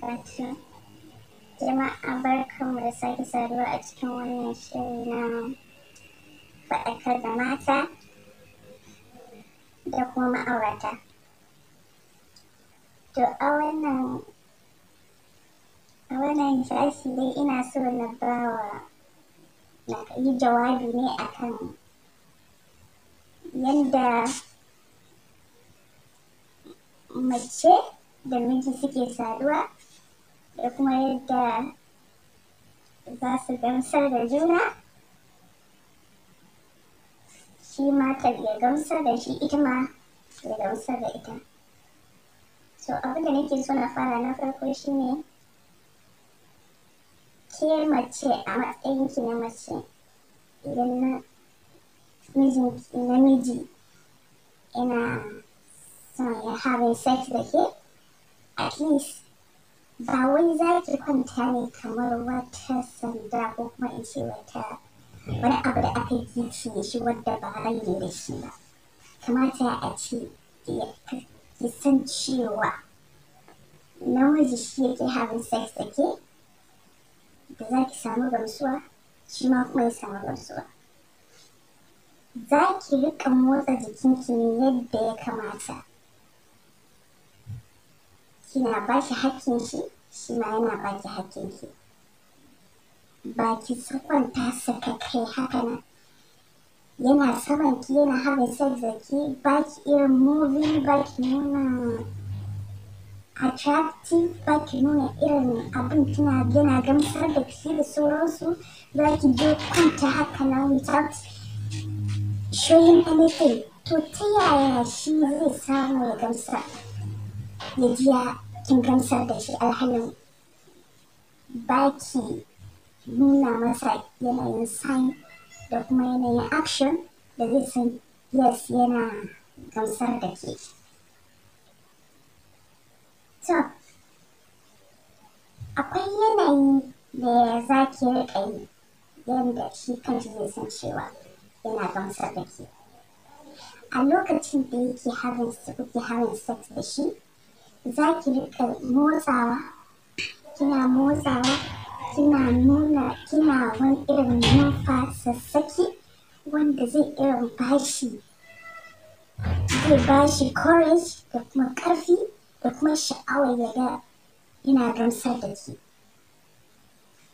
barkatu jama'a barkanmu da sake saduwa a cikin wannan shiri na faɗakar da mata da kuma ma'aurata to a wannan a dai ina so na bawa na yi jawabi ne akan yadda mace da miji suke saduwa Eu com ele da, da gamsar da juna shi ma ta ya gamsar da shi ita ma ya gamsar da ita so abin da nake so na fara na farko shine ke mace a matsayinki na mace idan na namiji yana son are having sex da ke at least ba wai za ki kwanta ne kamar wata sanda ko kuma in ce wata wani abu da aka yi shi shi wadda ba rai ne da shi ba kamata a ce ya san cewa namiji shi yake having sex ake da za ki samu gamsuwa shi ma kuma ya samu gamsuwa za ki riƙa motsa jikinki ne yadda ya kamata kina ba shi hakkin shi shi ma yana ba ki hakkin shi. ba ki sakwanta saka kai haka nan yana saman ki yana haɗa sex da ki ba ki irin movie ba ki nuna attractive ba ki nuna irin abin kina yana gamsar da ki da sauransu za ki je kwanta haka nan without showing anything to ta yaya shi zai samu ya gamsa ya ji ya kin gamsar da shi alhalin baki nuna masa yanayin sign da kuma yanayin action da zai san yes yana gamsar da ke to akwai yanayi da za ki riƙa yi yadda shi kanshi zai san cewa yana gamsar da ke a lokacin da yake having kuke having sex da shi za ki rika motsawa kina motsawa kina nuna kina wani irin numfasa saki wanda zai irin bashi zai bashi courage da kuma ƙarfi da kuma sha'awar ya ga yana gamsar da ke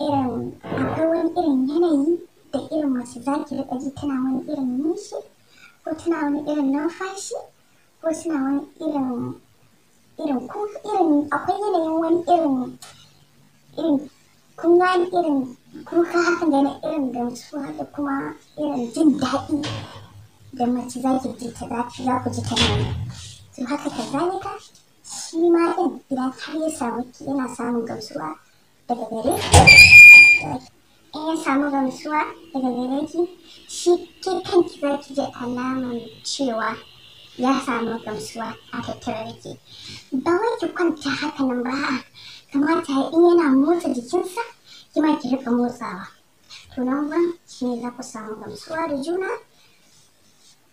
irin wani irin yanayi da irin mace za ki riƙa ji tana wani irin nishi ko tana wani irin numfashi ko tana wani irin irin ko irin akwai yanayin wani irin irin kun gani irin kuka hakan da na irin da su haka kuma irin jin daɗi da mace za ki ji ta zafi za ku ji ta nan to haka ka zalika shi ma ɗin idan har ya samu yana samun gamsuwa daga gare in ya samu gamsuwa daga gare ki shi ke kanki za ki ji alaman cewa ya samu gamsuwa a tattare da wai ki kwanta haka nan ba kamata in yana motsa jikinsa ki ki rika motsawa to nan ban shi ne za ku samu gamsuwa da juna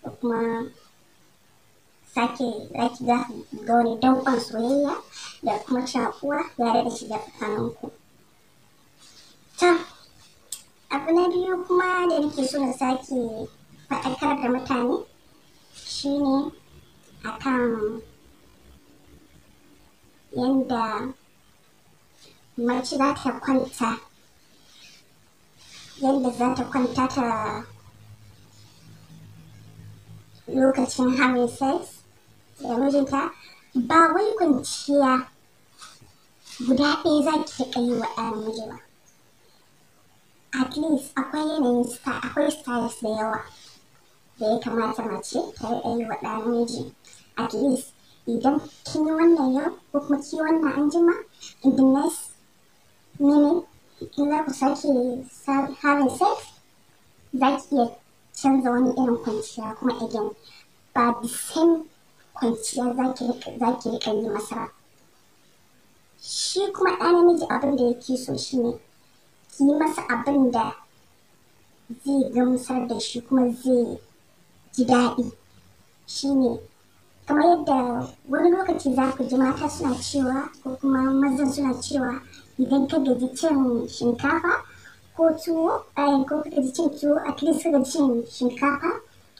da kuma sake za ga wani danƙon soyayya da kuma shakuwa ya da shiga tsakaninku ta abu na biyu kuma da nake so sake faɗakar da mutane shi ne a kan yadda mace za ta kwanta yadda za ta kwanta ta lokacin having sex da mijinta ba wai kwanciya guda ɗaya za ki riƙa yi wa ɗan miji ba at least akwai yanayin akwai styles da yawa da ya kamata mace ta riƙa yi wa ɗa namiji at least idan kin yi wannan yau ko kuma ki wannan an jima in the next minute in za ku sake having sex za ki iya canza wani irin kwanciya kuma again ba the same kwanciya za ki riƙa yi masa shi kuma ɗa namiji abin da yake so shi ne ki yi masa abin da zai gamsar da shi kuma zai ji daɗi shine kamar yadda wani lokaci za ku ji mata suna cewa ko kuma mazan suna cewa idan ka gaji cin shinkafa ko tuwo eh, ko ka gaji cin tuwo at least ka gaji cin shinkafa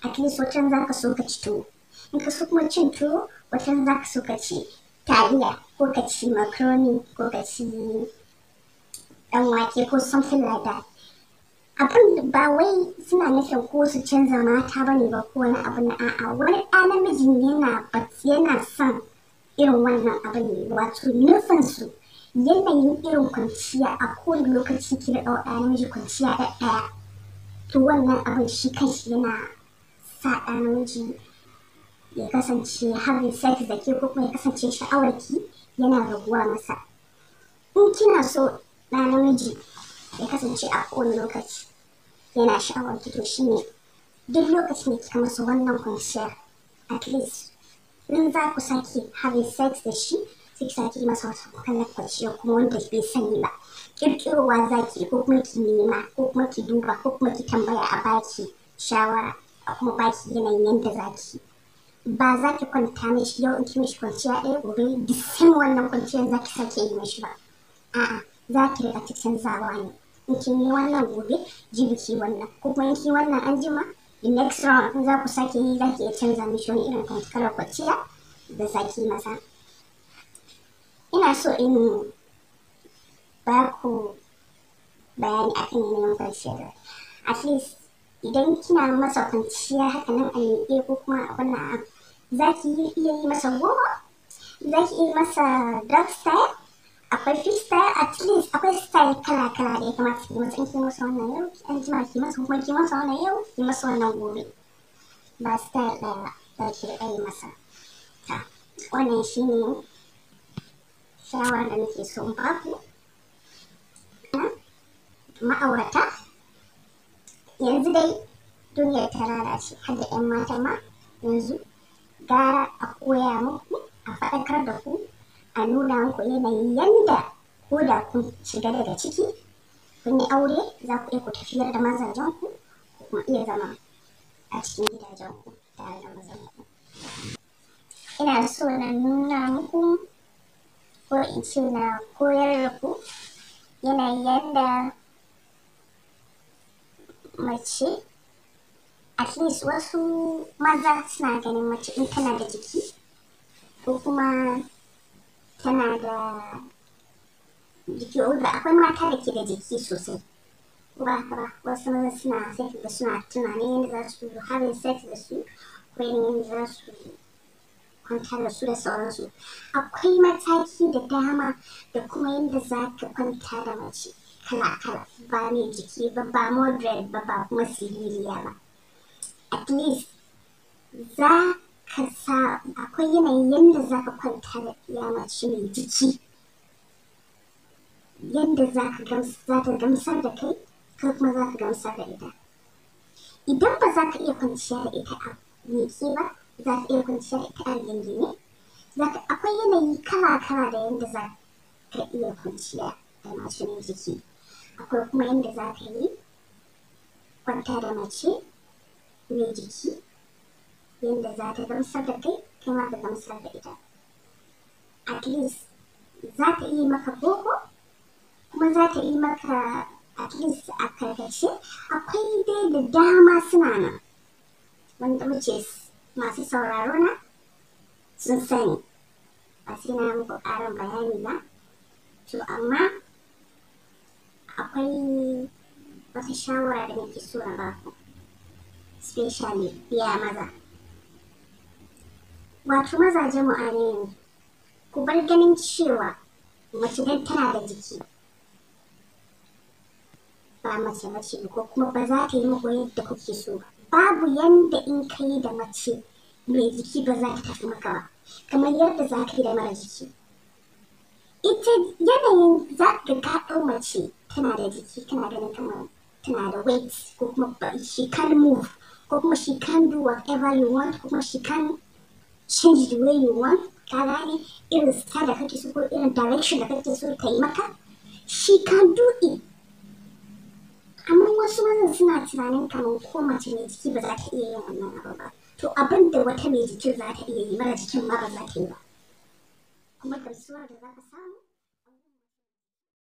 at least watan za ka so ka ci tuwo in ka so kuma cin tuwo watan za ka so ka ci taliya ko ka ci macaroni ko ka ci ɗan wake ko something like that Abin ba wai suna nufin ko su canza mata bane ba ko wani abu na a'a wani ɗa namijin yana yana son irin wannan abu ne wato nufin su yanayin irin kwanciya a kowane lokaci ki da ɗaɗa namiji kwanciya ɗaya-ɗaya to wannan abu shi kanshi yana sa ɗa namiji ya kasance har sex da ke ko kuma ya kasance sha'awar yana raguwa masa in kina so ɗa namiji ya kasance a kowane lokaci yana sha'awar ki shine duk lokacin da kika masa wannan kwanciyar at least in za ku sake harin sex da shi sai ki sake masa wata kallon kwanciyar kuma wanda bai sani ba kirkirowa za ki ko kuma ki nema ko kuma ki duba ko kuma ki tambaya a baki shawara a kuma baki yanayin yadda za ki ba za ki kwanta mishi yau in ki mishi kwanciya ɗaya gobe duk wannan kwanciyar za ki sake yi mishi ba a'a za ki riga cikin zawa ne yi wannan gobe jibi ki wannan ko kuma yanki wannan an jima the next round za ku sake yi za ki iya canza mishi wani irin kalar kwaciya da zaki masa ina so in ba ku bayani akan yanayin kwanciyar at least idan kina masa kwanciya haka nan a miƙe ko kuma a wannan za ki iya yi masa goma za ki iya masa dark style akwai freestyle athlete akwai style kala kala da ya kamata ki musu in ki musu wannan yau an jima ki musu kuma ki musu wannan yau ki musu wannan gobe ba style ɗaya ba ki da ɗaya masa ta wannan shi ne shawarar da nake so in baku ma'aurata yanzu dai duniyar ta lalace har da 'yan mata ma yanzu gara a koya muku a faɗakar da ku a nuna ku yanayin yanda ko da kun shiga daga ciki kun yi aure za ku iya ku tafiyar da mazajen ku ko kuma iya zama a cikin gidajen ku tare da ku ina so na nuna muku ko in ce na koyar da ku yanayin yanda mace at least wasu maza suna ganin mace in tana da jiki ko kuma Tana da jiki uba akwai mata da ke da jiki sosai ba ka ba wasu maza suna sex da suna tunanin yadda za su harin sex da su ko yanayin yadda za su kwantar da su da sauransu akwai mataki da dama da kuma yadda za ka kwanta da mace kala kala ba mai jiki ba ba moderate ba ba kuma siririya ba at least za ka akwai yanayin yadda za ka kwanta da iya mace mai jiki yadda za ka gamsar da kai kai kuma za ka gamsar da ita idan ba za ka iya kwanciya da ita a miƙe ba za ka iya kwanciya da ita a gingine akwai yanayi kala-kala da yadda za ka iya kwanciya da mace mai jiki akwai kuma yadda za ka yi kwanta da mace mai jiki yadda za ta gamsar da kai kai ma ka gamsar da ita at least za ta yi maka boko kuma za ta yi maka at least a karkashe akwai dai da dama suna nan wanda wuce masu sauraro na sun sani ba sai na muku ƙarin bayani to amma akwai wata shawara da nake so na baku especially biya maza wato mazaje mu ne ku bar ganin cewa mace dan tana da jiki ba mace mace ko kuma ba za ta yi muku yadda kuke so babu yanda in ka yi da mace mai jiki ba za ta tafi maka ba kamar yadda za ka yi da mara jiki ita yanayin za ka ka mace tana da jiki tana ganin kamar tana da weight ko kuma she can move ko kuma she can do whatever you want ko kuma she can shin you want ka gane irin style da kake so ko irin direction da kake so ta yi maka she can do it amma wasu mazan suna tunanin kamar ko mace mai jiki ba za ta iya yin wannan abu ba to abin da wata mai jikin za ta iya yi mara jikin ma ba za ta yi ba kuma gamsuwar da za ka samu